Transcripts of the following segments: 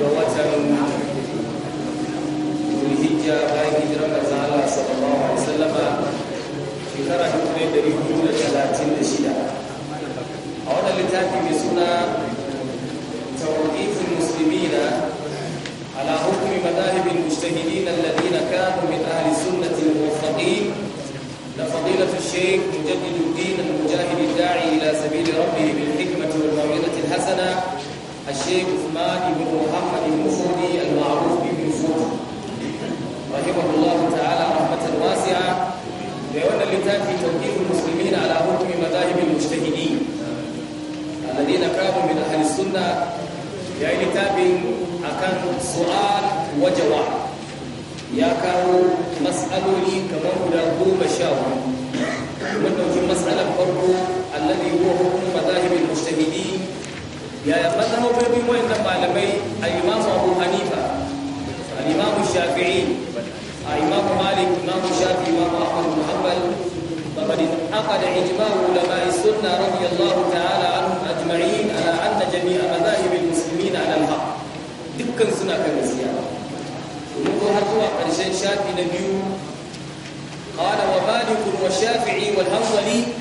lokacin zulhijja bayan hijirar manzon Allah sallallahu alaihi wasallama shekara 1436 a wannan littafi mai suna توقيت المسلمين على حكم مذاهب المجتهدين الذين كانوا من أهل السنة الموفقين لفضيلة الشيخ مجدد الدين المجاهد الداعي إلى سبيل ربه بالحكمة والموعظة الحسنة الشيخ عثمان بن محمد المفردي المعروف بابن فوق رحمه الله تعالى رحمة واسعة لأن لتاتي توجيه المسلمين على حكم مذاهب المجتهدين الذين كانوا من أهل السنة يعني تابع أكان سؤال وجواب يا كانوا مسألوني كما هو ربو مشاور من نوجه مسألة فرقو الذي هو حكم مذاهب المجتهدين yaya mazhabobin wayannan malamai al-Imam Abu Hanifa al-Imam Shafi'i al-Imam Malik Imam Shafi'i wa Ahmad bin Hanbal faqad aqada ijma'u ulama as-sunnah radiyallahu ta'ala anhum ajma'in ala anna jami'a madahib al-muslimin ala al-haq dukkan suna kan gaskiya mun ko har zuwa karshen shafi na biyu qala wa Malik wa Shafi'i wal Hanbali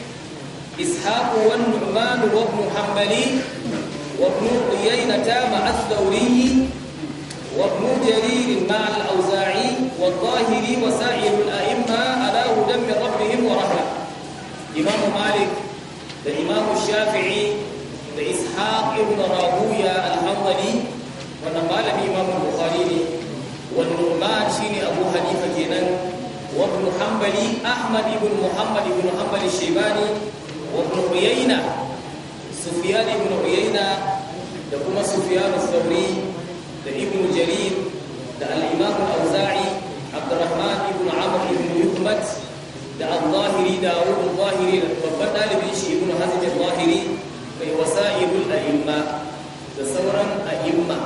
إسحاق والنعمان وابن حنبلي وابن قيينة مع الثوري وابن جرير مع الأوزاعي والظاهري وسائر الأئمة على هدى من ربهم ورحمة إمام مالك الإمام الشافعي إسحاق ابن راهوية الحنظلي ونقال بإمام البخاري والنعمان شيني أبو حنيفة كينان وابن حنبلي أحمد بن محمد بن حنبل الشيباني وابن عيينة Sufyan ibn Uyayna da kuma Sufyan al-Thawri da Ibn Jarir da al-Imam al-Auza'i Abdurrahman ibn Amr ibn Yukmat da al-Zahiri da al-Zahiri babban dalibin shi ibn Hazm al-Zahiri kai wasa'ibul a'imma da sauran a'imma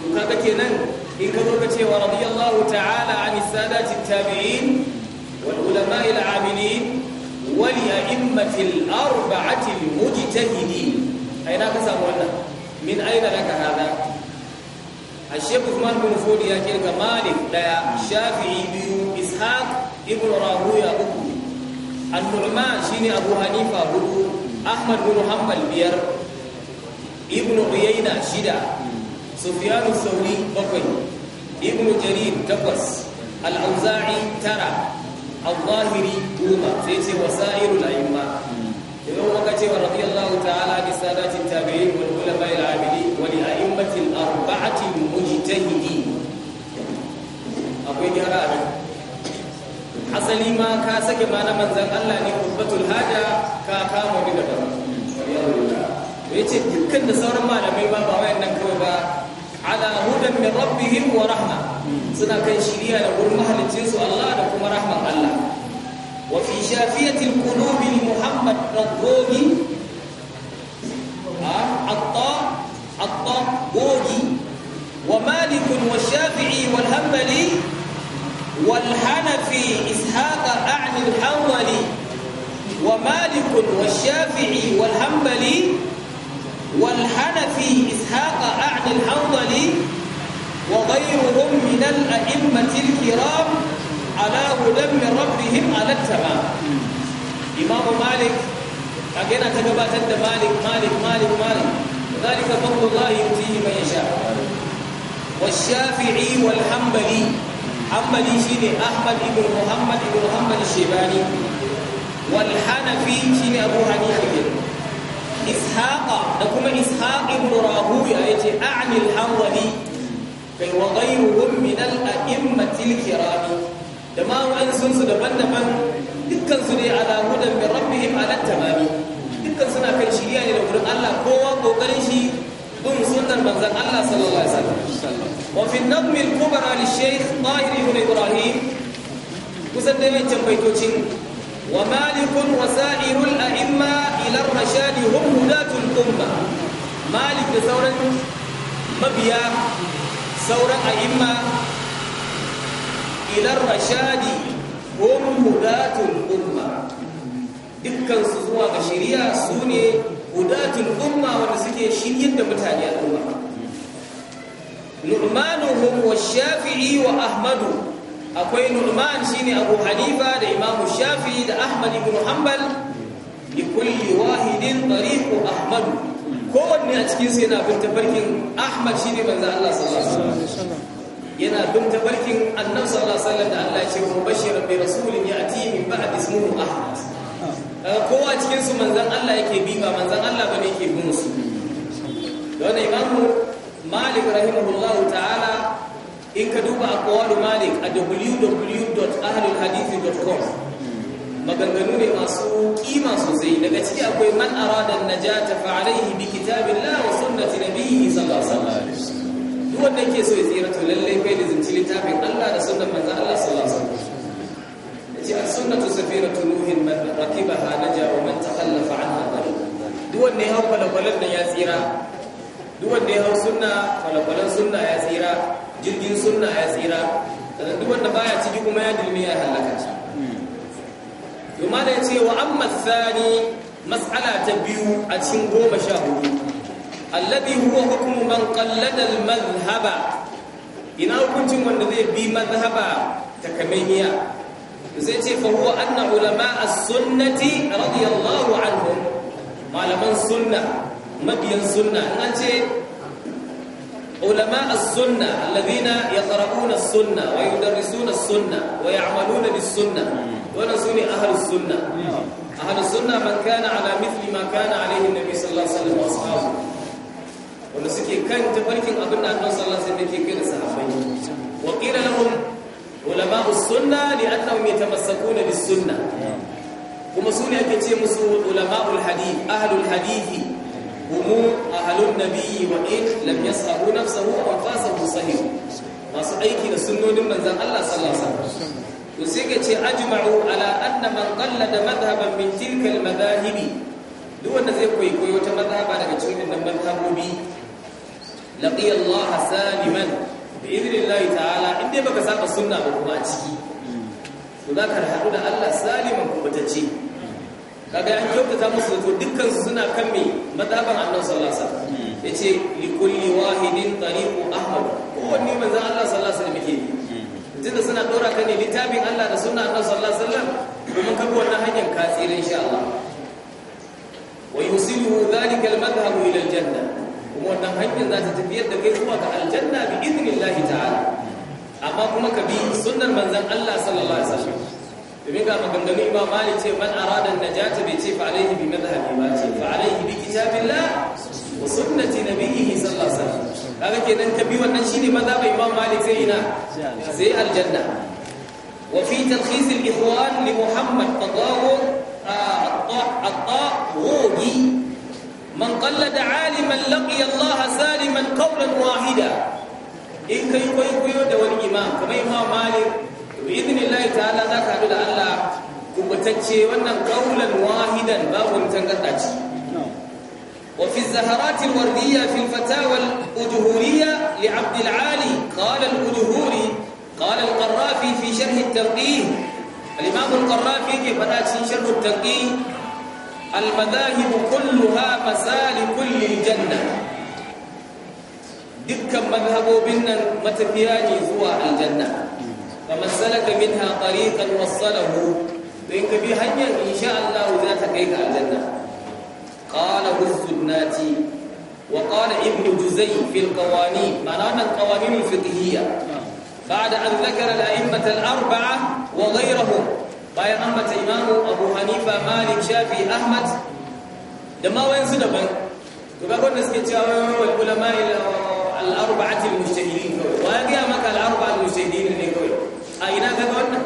to kaga kenan in ka zo ka ce wa radiyallahu ta'ala an sadatut tabi'in wal ulama'i al-'amilin ولأئمة الأربعة المجتهدين أين كسام وانا من أين لك هذا الشيخ عثمان بن فود يا كيرك مالك دا شافعي بيو إسحاق ابن راهويا بكو النعمان شيني أبو حنيفة بكو أحمد بن حنبل بير ابن عيينة شدة سفيان الثوري بقي ابن جرير تقص الأوزاعي ترى al-zahiri goma sai ce wasairul a'imma idan muka ce wa radiyallahu ta'ala bi sadatin tabi'in wal ulama al-abidi wa li a'immatil arba'ati mujtahidi akwai gyara a asali ma ka sake ma na manzan Allah ne kubbatul haja ka kama daga da ya ce dukkan da sauran malamai ba ba wayannan kawai ba ala hudan min rabbihim wa rahma suna kai shiriya da gurin mahalicin su Allah da kuma rahman Allah wa fi shafiyatil qulubi Muhammad Radgogi الطاء الطاء بوجي ومالك والشافعي والهنبلي والحنفي wa أعني الحنظلي ومالك والشافعي والهنبلي والحنفي إسحاق أعني الحنظلي وغيرهم من الأئمة الكرام على هدى من ربهم على التمام إمام مالك أجينا تقبات مالك مالك مالك مالك ذلك فضل الله يؤتيه من يشاء والشافعي والحنبلي حنبلي شيني أحمد بن محمد بن محمد الشيباني والحنفي شيني أبو حنيفة ishaqa da kuma ishaq ibn rahuya yace a'ni al-hanbali kai wa ghayruhum min al-a'immati al-kirami da ma wa'an sun su daban-daban dukkan su ne ala hudan min rabbihim ala tamami dukkan suna kai shiriya ne da gurin Allah kowa kokarin shi bin sunnar manzon Allah sallallahu alaihi wasallam wa fi an-nadm al-kubra li shaykh Tahir ibn Ibrahim kusan da yayin baitocin ومالك وسائر الأئمة إلى الرشاد هم هداة الأمة مالك ثورة مبيا ثورة أئمة إلى الرشاد هم هداة الأمة dukkan su zuwa ga shari'a su ne hudatul umma wanda suke shiryar da mutane al'umma nu'manuhum wa shafi'i wa ahmadu akwai Nu'man shine Abu Hanifa da Imam Shafi da Ahmad ibn Hanbal li kulli wahidin tariq Ahmad kowanne a cikin su yana bin tafarkin Ahmad shine manzo Allah sallallahu yana bin tafarkin Annabi sallallahu alaihi da Allah ya ce mubashiran bi rasulin ya'ti min ba'd ismihi Ahmad kowa a cikin su manzon Allah yake bi ba manzon Allah bane yake bin su da wannan Imam Malik rahimahullahu ta'ala in ka duba a kawalu malik a www.ahlulhadithi.com maganganu ne masu kima sosai daga ciki akwai man aradan najata fa alaihi bi kitabillah wa sunnati nabiyyi sallallahu alaihi wasallam duk wanda yake so ya tsira to lallai kai da zinci littafin Allah da sunan manzo Allah sallallahu alaihi wasallam yace as-sunnatu safiratu nuhin man rakibaha naja wa man takhallafa anha bari duk wanda ya hau kwalakwalan nan ya tsira duk wanda ya hau sunna kwalakwalan sunna ya tsira jirgin sunna ya tsira sannan duk wanda baya ciki kuma ya dilme ya halaka ci. to da ya ce wa amma tsani matsala ta biyu a cikin goma sha hudu alladhi huwa hukmu man qallada al ina hukuncin wanda zai bi mazhaba ta kamaniya zai ce fa huwa anna ulama a sunnati radiyallahu anhum malaman sunna mabiyan sunna in an ce علماء السنة الذين يقرؤون السنة ويدرسون السنة ويعملون بالسنة ونسون أهل السنة أهل السنة من كان على مثل ما كان عليه النبي صلى الله عليه وسلم وأصحابه ونسكي كان تبركين أبنى أنه صلى الله عليه وسلم كي صحابين وقيل لهم علماء السنة لأنهم يتمسكون بالسنة ومسؤولية كتير مسؤول علماء الحديث أهل الحديث humu ahalun nabiyyi wa in lam yasahu nafsahu wa fasahu sahih masu aiki da sunnonin manzon Allah sallallahu alaihi wasallam to sai ka ce ajma'u ala anna man qallada madhhaban min tilka al-madahib duk wanda zai koyi koyo ta daga cikin nan madhhabobi laqiya Allah saliman bi idnillahi ta'ala inda baka saba sunna ba kuma a ciki to zaka haɗu da Allah saliman kuma ta kaga an kyautata musu zato dukkan su suna kan me madaban annabi sallallahu alaihi wasallam hmm. yace li kulli wahidin tariqu ahmad kowanne manzo Allah sallallahu alaihi wasallam yake hmm. tunda suna dora ka ne littafin Allah da suna annabi sallallahu alaihi wasallam kuma ka bi wannan hanyar ka tsira insha Allah wa yusilu dhalika al-madhhabu ila al-janna kuma wannan hanyar za ta tafiyar da kai zuwa ga aljanna bi idnillahi ta'ala hmm. amma kuma ka bi sunnar manzon Allah sallallahu alaihi wasallam domin ga maganganu imam malik ce man arada najata bai ce fa alaihi bi madhhabi ba ce fa alaihi bi kitabillah wa sunnati nabiyhi sallallahu alaihi wasallam kaga kenan ka bi wannan shine madhhabi imam malik sai ina sai aljanna wa fi talkhis al-ikhwan li muhammad qadawu ah, at-tahugi man qallada aliman laqiya allah saliman qawlan wahida in kai kwaikwayo da wani imam kamar imam malik bi'idhnillahi ta'ala za ka haɗu da Allah kubutacce wannan qaulan wahidan babu tangarda ce wa fi az-zaharat al-wardiyya fi al-fatawa al-ujhuriyya li 'Abd al-'Ali qala al-ujhuri qala al-Qarrafi fi sharh at al-Imam al-Qarrafi ke fada cikin sharh at-tanqih al kulli al-jannah dukkan mazhabobin nan matafiya ne zuwa aljanna فمن سلك منها طريقا وصله بينك بهنيا ان شاء الله ذات كيك الجنه قال الزنات وقال ابن جزي في القوانين معناها القوانين الفقهيه بعد ان ذكر الائمه الاربعه وغيرهم bayan ambata imamu abu hanifa malik shafi ahmad da ma wayansu daban to ga wanda suke cewa wal ulama al arba'ati al mujtahidin kawai wa ya ga maka al arba'a al mujtahidin ne kawai a ina ga wannan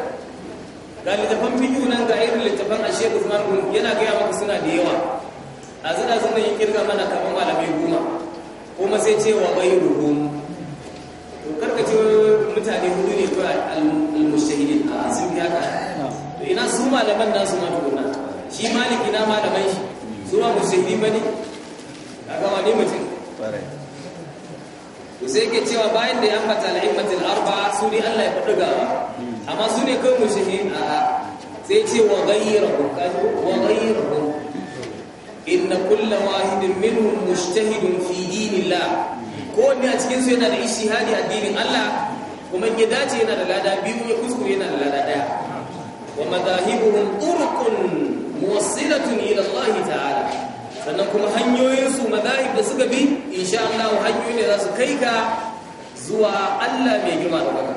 ga littafan biyu nan ga irin littafan a shekaru shekul marhum yana gaya maka suna da yawa a zina zina yi kirga mana kamar malamai goma kuma sai ce wa bai ruhum to karka ce mutane hudu ne ko al-mushtahidin a sun ya ka to ina su malaman nasu ma tukuna shi maliki na malamai shi su ma mushahidi bane kaga wani mutum to sai ke cewa bayan da ya ambata al'immatul arba'a su ne Allah ya fi ɗigawa amma su ne kai mushihin a sai ce wa ghayrahum kaji wa ghayrahum inna kulla wahidin minhum mujtahidun fi la. ko wani a cikin su yana da hadi addinin Allah kuma ya dace yana da lada biyu ya kuskure yana da lada daya wa madahibuhum turqun muwassilatun ila Allah ta'ala sannan kuma hanyoyinsu mazahib da suka bi insha Allah hanyoyi ne za su kai ka zuwa Allah mai girma da baka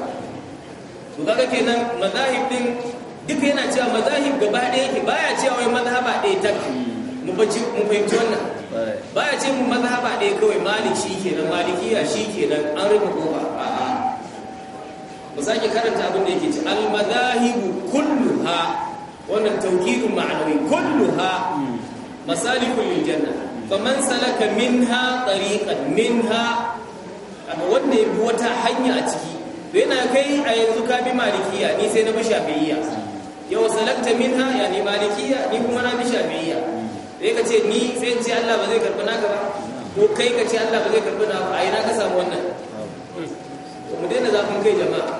to kaga kenan mazahib din duka yana cewa mazahib gaba ɗaya yake baya cewa wai mazhaba ɗaya tak mu bace mu fahimci wannan baya ce mu mazhaba ɗaya kawai malik shi kenan malikiya shi kenan an rufe kofa a'a mu sake karanta abin da yake ci al mazahibu kulluha wannan tawkidun ma'anawi kulluha hmm. masalikul janna faman salaka minha tariqan minha amma wanda ya bi wata hanya a ciki to yana kai a yanzu ka bi malikiya ni sai na bi shafi'iyya yau salakta minha ni malikiya ni kuma na bi shafi'iyya sai ka ce ni sai ce Allah ba zai karɓi naka ba ko kai ka ce Allah ba zai karɓi naka ba yi na ka samu wannan mu daina zafin kai jama'a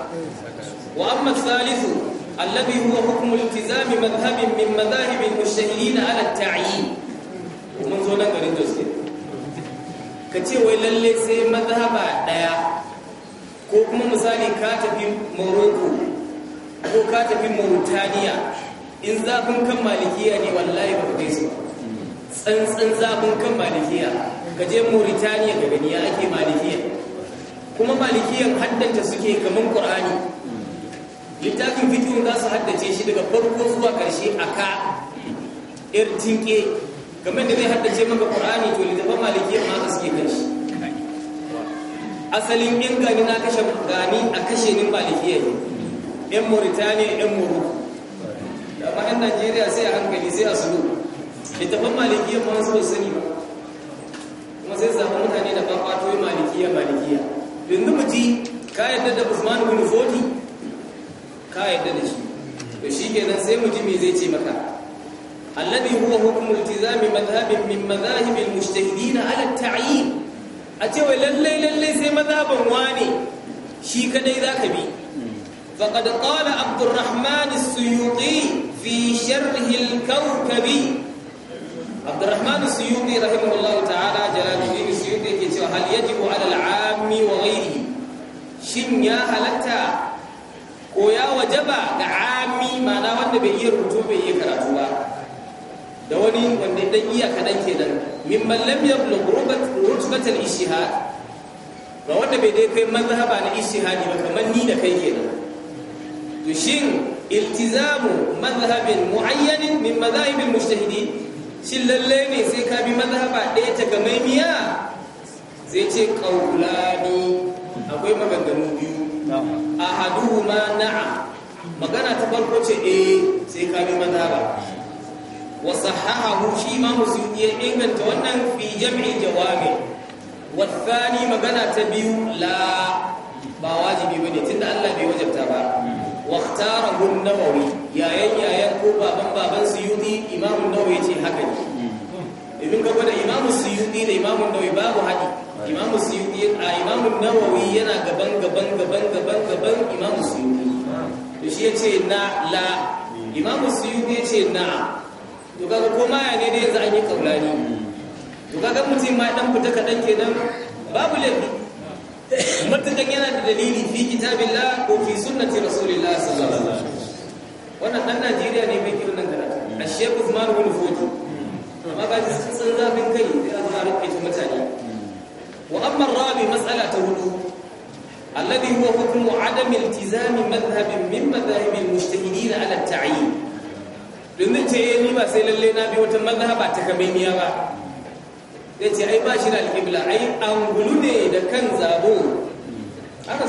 wa amma salisu الذي هو حكم التزام مذهب من مذاهب المشتهرين على التعيين ومن زونا غرين دوسي كتي وي لالله سي مذهبا دايا ko kuma misali ka tafi Morocco ko ka tafi Mauritania in zafin kan malikiya ne wallahi ba kai su tsantsan zafin kan malikiya ka je Mauritania ga gani ake malikiya kuma malikiyar haddanta suke kaman ƙur'ani. littafin fikihun za su haddace shi daga farko zuwa ƙarshe a ka yar tinke kamar da zai haddace maka ƙur'ani to littafin maliki ma suke kan shi asalin yan gani na kashe gani a kashe nin yi yan mauritaniya yan moro da ma yan najeriya sai a hankali sai a suru littafin ya ma su sani ba kuma sai zaɓa mutane da ba ƙwato malikiya malikiya yanzu mu ji ka yadda da usman bin fodi ka yadda da shi to shikenan sai mu ji mai zai ce maka alladhi huwa hukmu iltizami madhhabin min madhahib almujtahidin ala at a ce wai lalle lalle sai madhaban wani shi kadai zaka bi faqad qala abdurrahman as-suyuti fi sharh al-kawkabi abdurrahman as-suyuti rahimahullahu ta'ala jalaluddin as-suyuti yake cewa hal yajibu ala al-'ammi wa ghayrihi shin ya halatta ko ya wajaba ga ami mana wanda bai iya rubutu bai iya karatu ba da wani wanda dan iya kadan kenan mimman lam yablugh rubat al-ishihad ga wanda bai dai kai mazhaba na ishihadi ba kamar ni da kai kenan to shin iltizamu mazhabin muayyanin min madhahib al-mujtahidin shin lalle ne sai ka bi mazhaba ɗaya ta gamaimiya zai ce qaulani akwai maganganu biyu a haduhu ma na'a magana ta farko ce eh sai ka bi mazhaba wa sahahahu shi ma musulmi ya inganta wannan fi jam'i jawabi. wa thani magana ta biyu la ba wajibi bane tunda Allah bai wajabta ba wa ikhtarahu an-nawawi yayan yayan ko baban baban suyuti imamu nawawi ce haka ne hmm. idan ka gwada imamu suyuti da imamun nawawi babu hadisi imamu suyuti a imamu nawawi yana gaban gaban gaban gaban gaban imamu suyuti to shi yace na la imamu suyuti yace na to kaga ma ya ne da yanzu an yi kaulani to kaga mutum ma dan fita kadan kenan babu laifi matakan yana da dalili fi kitabillah ko fi sunnati rasulillah sallallahu alaihi wasallam wannan dan Najeriya ne mai kiran nan a Sheikh Usman bin Fojo amma shi sun zafin kai da Allah ya rike mutane وأما الرابع مسألة هدو الذي هو حكم عدم التزام مذهب من مذاهب المجتهدين على التعيين domin ce yi eh, ba sai lallai na bi wata mazhaba ta kamaimiya ba ya ce ai ba shi da alƙibla ai angulu ne da kan zabo haka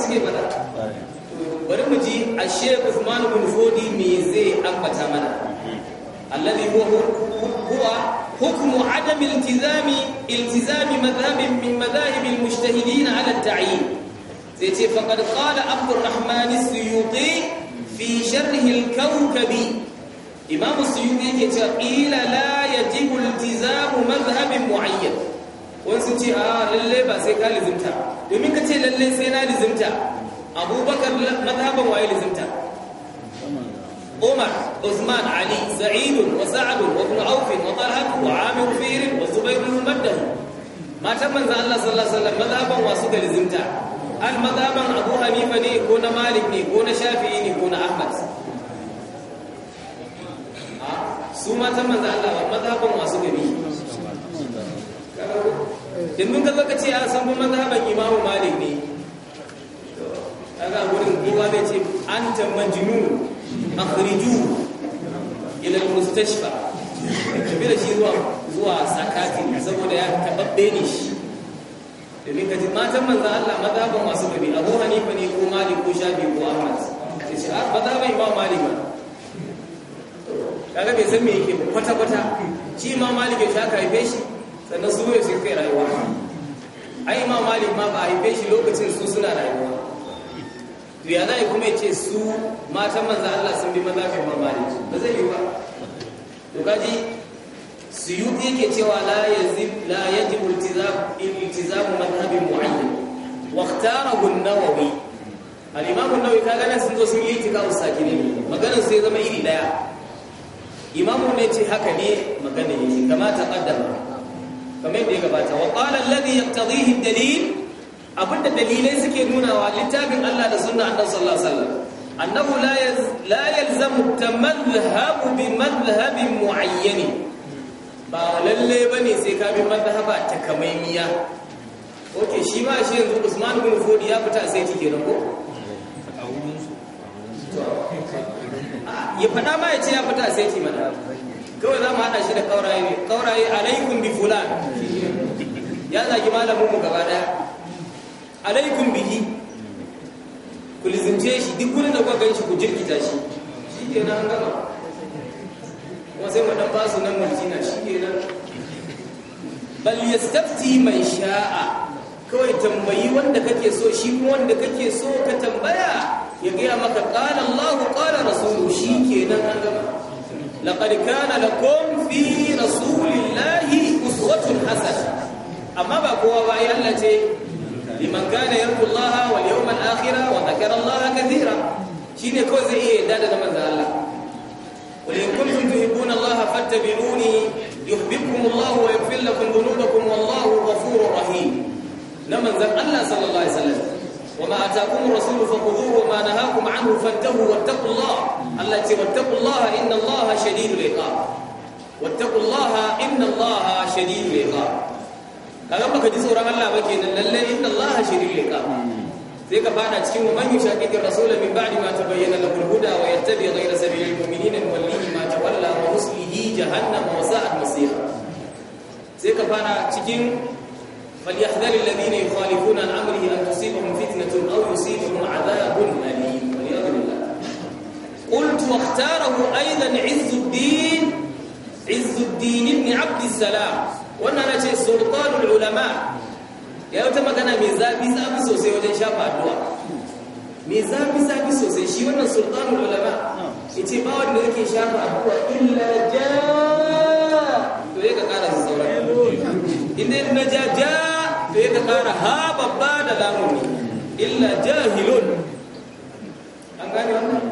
bari mu ji a shek usman bin fodi me zai ambata mana alladhi huwa حكم عدم التزام التزام مذهب من مذاهب المجتهدين على التعيين زيتي فقد قال عبد الرحمن السيوطي في شره الكوكبي إمام السيوطي قيل لا يجب التزام مذهب معين wasu ce a lalle ba sai ka lizimta domin ka ce lalle sai na lizimta abubakar mazhaban waye lizimta عمر عثمان علي سعيد وسعد وابن عوف وطلحة وعامر فير وزبير بن المبدل ما تم من الله صلى الله عليه وسلم مذهبا واسد لزمتا هل مذهبا أبو حنيفة ني كون مالك ني كون شافعي ني كون أحمد سوما ma ta manzo Allah mazhaban masu gari yanzu ka zaka ce a san mazhaban Imam Malik ne kaga wurin kowa zai ce anta majnun akhriju ila almustashfa tafi da shi zuwa zuwa sakati saboda ya tababbe ne shi domin ka ji matan manzan Allah mazhaban masu babi Abu Hanifa ne ko Malik ko Shafi ko Ahmad sai shi ah bai ba Malik ba kaga bai san me yake ba kwata kwata shi ma Malik ya shaka haife shi sannan su ne su kai rayuwa ai ma Malik ma ba haife shi lokacin su suna rayuwa to ya za kuma ya ce su matan manzan Allah sun bi mazafin mamali ba zai yi ba to kaji suyuti yake cewa la ya yazib la yajibu iltizam iltizam madhhabi mu'ayyan wa ikhtarahu an-nawawi al-imam an-nawawi kaga nan sun zo sun yi itika usakine maganar ya zama iri daya imamu ne ce haka ne maganin yake kamata qaddama kamar yadda ya gabata wa qala alladhi yaqtadhihi ad-dalil abinda dalilai suke nunawa littafin Allah da sunna annabi sallallahu alaihi wasallam annahu la la yalzamu tamadhhabu bi madhhabin muayyan ba lalle bane sai ka bi madhhaba ta kamaimiya okay shi ma shi yanzu Usman bin Fudi ya fita sai take ranko a ya fada ma ya ce ya fita sai ti mana kawai za mu hada shi da kauraye ne kauraye alaikum bi fulan ya zagi malamin mu gaba daya alaikum bihi ku lizimce shi duk gurin da kuka gan ku jirkita shi shi ke nan gama kuma sai mu dan ba su nan marjina shi ke nan bal ya yastafti mai sha'a kawai tambayi wanda kake so shi kuma wanda kake so ka tambaya ya gaya maka qala Allah qala rasulu shi ke nan an gama laqad kana lakum fi rasulillahi uswatun hasana amma ba kowa ba ya Allah ce لمن كان يرجو الله واليوم الاخر وذكر الله كثيرا شين يكون زي إيه دادة من ذهل ولئن كنتم تحبون الله فاتبعوني يحببكم الله ويغفر لكم ذنوبكم والله غفور رحيم نمن ذا الله صلى الله عليه وسلم وما اتاكم الرسول فخذوه وما نهاكم عنه فانتهوا واتقوا الله التي واتقوا الله ان الله شديد العقاب واتقوا الله ان الله شديد العقاب kaga baka ji tsoron Allah ba kenan lalle inna Allah shadidul iqab sai ka fada cikin man yushaqiqir rasul min ba'di ma tabayyana lahu al-huda wa yattabi ghayra sabilil mu'minina nuwallihi ma tawalla wa muslihi jahannam wa sa'at masira sai ka fada cikin falyahdhar alladhina yukhalifuna an amrihi an tusibahum fitnatun aw yusibahum 'adhabun alim قلت واختاره ايضا عز الدين عز الدين بن عبد السلام wannan na ce sultanul ulama ya wata magana mai zabi zabi sosai wajen shafa addu'a mai zabi zabi sosai shi wannan sultanul ulama yace ba wanda yake shafa addu'a illa ja to yake kara sauran inda na ja jaa to yake kara ha babba da lamuni illa jahilun an gane wannan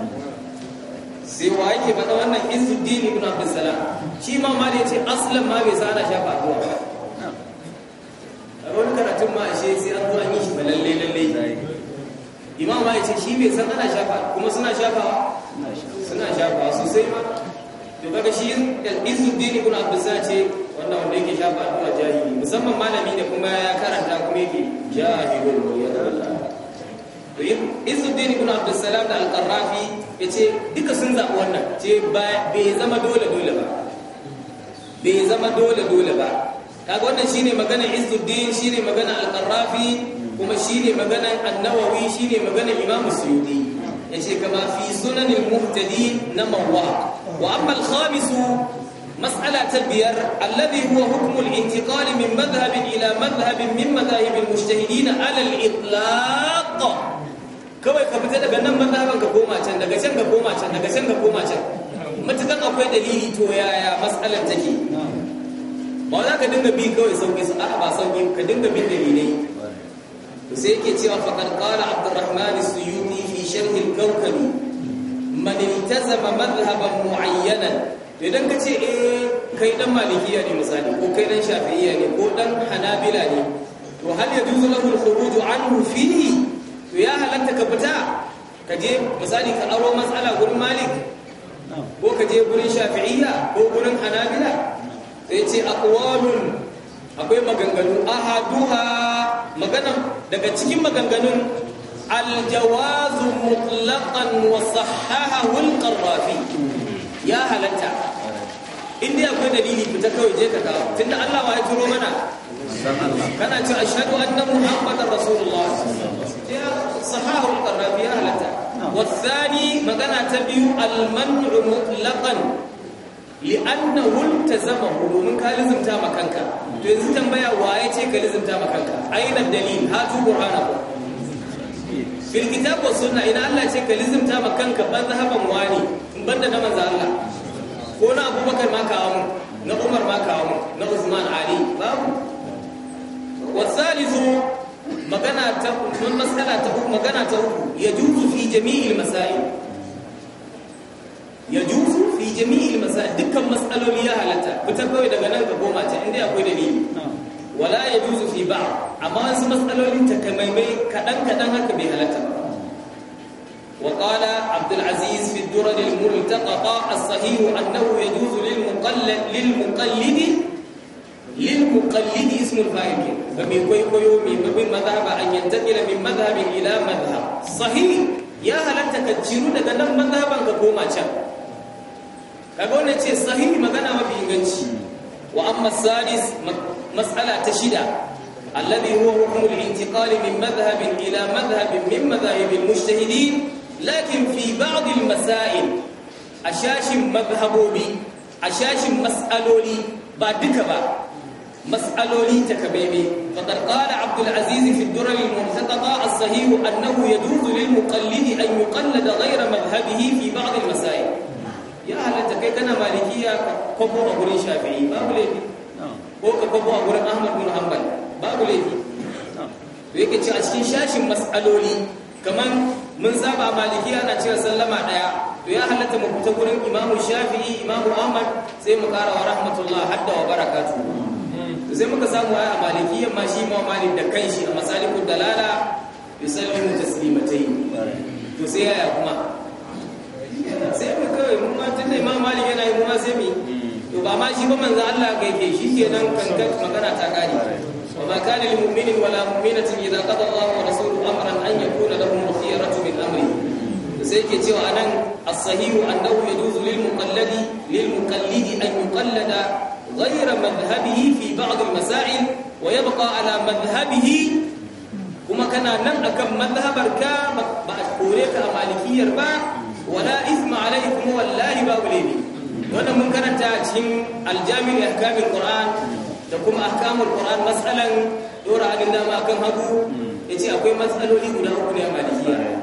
sai wa yake faɗa wannan izuddin ibn abdullah shi ma ma da ce aslan ma bai sana shafa addu'a ba wani karatun ma ashe sai an zo yi shi ba lalle lalle imam ma ya ce shi bai san ana shafa kuma suna shafa suna shafa sosai ma to kaga shi izuddin ibn abdullah ce wannan wanda yake shafa addu'a jahili musamman malami da kuma ya karanta kuma yake jahilul bayyana to izuddin ibn abdullah da al ya ce duka sun zabi wannan ce bai zama dole dole ba bai zama dole dole ba kaga wannan shine magana Izzuddin shine magana Al-Qarrafi kuma shine magana An-Nawawi shine magana Imam Suyuti yace kama fi sunan al-muhtadi na mawwa wa amma al-khamis mas'ala ta biyar alladhi huwa hukm al-intiqal min madhhab ila madhhab min madahib al-mujtahidin ala al-itlaq kawai ka fita daga nan madhaban ka koma can daga can ka koma can daga can ka koma can matukan akwai dalili to yaya matsalar take ba za ka dinga bi kawai sauƙi su a'a ba sauƙi ka dinga bin dalilai to sai yake cewa faqad qala abdurrahman as-suyuti fi sharh al-kawkabi man iltazama madhhaban mu'ayyanan to idan ka ce eh kai dan malikiya ne misali ko kai dan shafi'iyya ne ko dan hanabila ne to hal yajuzu lahu al-khuruj anhu fihi to ya halatta ka fita ka je misali ka aro matsala gurin malik ko ka je gurin shafi'iyya ko gurin hanabila sai ce aqwalun akwai maganganu ahaduha magana daga cikin maganganun aljawazu mutlaqan wa sahahahu alqarrafi ya halatta inda akwai dalili fita kawai je ka kawo tunda Allah ba ya turo mana kana ce ashhadu anna muhammadar rasulullah ya sahahahu alqarrafi ya halatta والثاني مغانا تبيو المنع مطلقا لأنه التزمه من كان لزم مكانك تو تنزي تنبيا واي تي كلزم تاما مكانك اين الدليل هاتوا برهانكم في الكتاب والسنه ان الله يتي كلزم تاما كنكا بذهب مواني بند نمز الله كون ابو بكر ما كاوم عمر ما كاوم عثمان علي باب والثالث magana ta mun masala ta uku magana ta uku yajuzu fi jami'il masail yajuzu fi jami'il masail dukkan masaloli ya halatta fita kawai daga nan ka goma ta inda akwai dalili wala yajuzu fi ba'd amma wasu masalolin takamaimai kadan kadan haka bai halatta ba وقال عبد العزيز في الدرر الملتقطة الصحيح أنه يجوز للمقلد للمقلد lil muqallidi ismul fa'il ga mai kwaikwayo min babin mazhaba an yantakila min mazhabin ila mazhab sahih ya halatta ka ciru daga nan mazhaban ka koma can kaga wannan ce sahihi magana mafi inganci wa amma salis mas'ala ta shida alladhi huwa hukm al-intiqal min madhhab ila madhhab min madhahib al-mujtahidin lakin fi ba'd al-masail ashashin madhhabobi ashashin mas'aloli ba duka ba مسألولي تكبيبي فقد قال عبد العزيز في الدرر المرتقطة الصحيح أنه يجوز للمقلد أن يقلد غير مذهبه في بعض المسائل يا أهل تكيدنا مالكية كبو أقول شافعي باب ليفي كبو أقول أحمد بن حنبل باب ليفي ويكي تشاشين شاشين مسألولي كمان mun saba malikiya na cewa sallama daya to ya halatta mu fita gurin imamu shafi'i imamu ahmad sai mu kara wa rahmatullah hadda wa barakatuh to sai muka samu a maliki, yamma shi ma mali da kanshi a masalikud dalala yusallimu taslimatayn to sai yaya kuma sai mu kawai mun ma tunda imam malik yana yi kuma sai mu to ba ma shi ba manzo Allah ga yake shi ke nan kankan magana ta kare wa ma kana lil mu'minin wala mu'minatin idza qada Allahu wa rasuluhu amran an yakuna lahum khiyaratu min amri sai ke cewa anan as-sahihu annahu yajuzu lil muqallidi lil muqallidi an yuqallada غير مذهبه في بعض المسائل ويبقى على مذهبه كما كان نن أكم مذهب ركا بأشكوريك مالكي ربا ولا إثم عليكم ولا ربا وليني وانا ممكن تاجهم الجامع لأحكام القرآن تقوم أحكام القرآن مسألة دور عن الله ما أكم هدو يتي أكوي مسألة لي ولا أكوي مالكية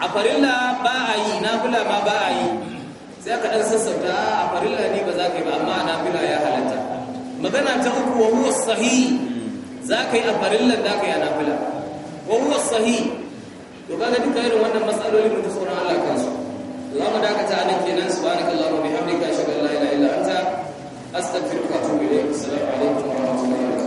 أفرلا باعي نافلا ما باعي sai aka dan sassauta a farilla ne ba za ka yi ba amma a nafila ya halatta magana ta uku wa huwa sahi za ka yi a farillan da ka yi a nafila wa huwa sahi to kaga duka irin wannan matsaloli mutu sauran Allah kansu za mu dakata a nan kenan subhanakallahumma bihamdika ashhadu an la ilaha illa anta astaghfiruka wa atubu ilayk assalamu alaikum wa rahmatullahi wa barakatuh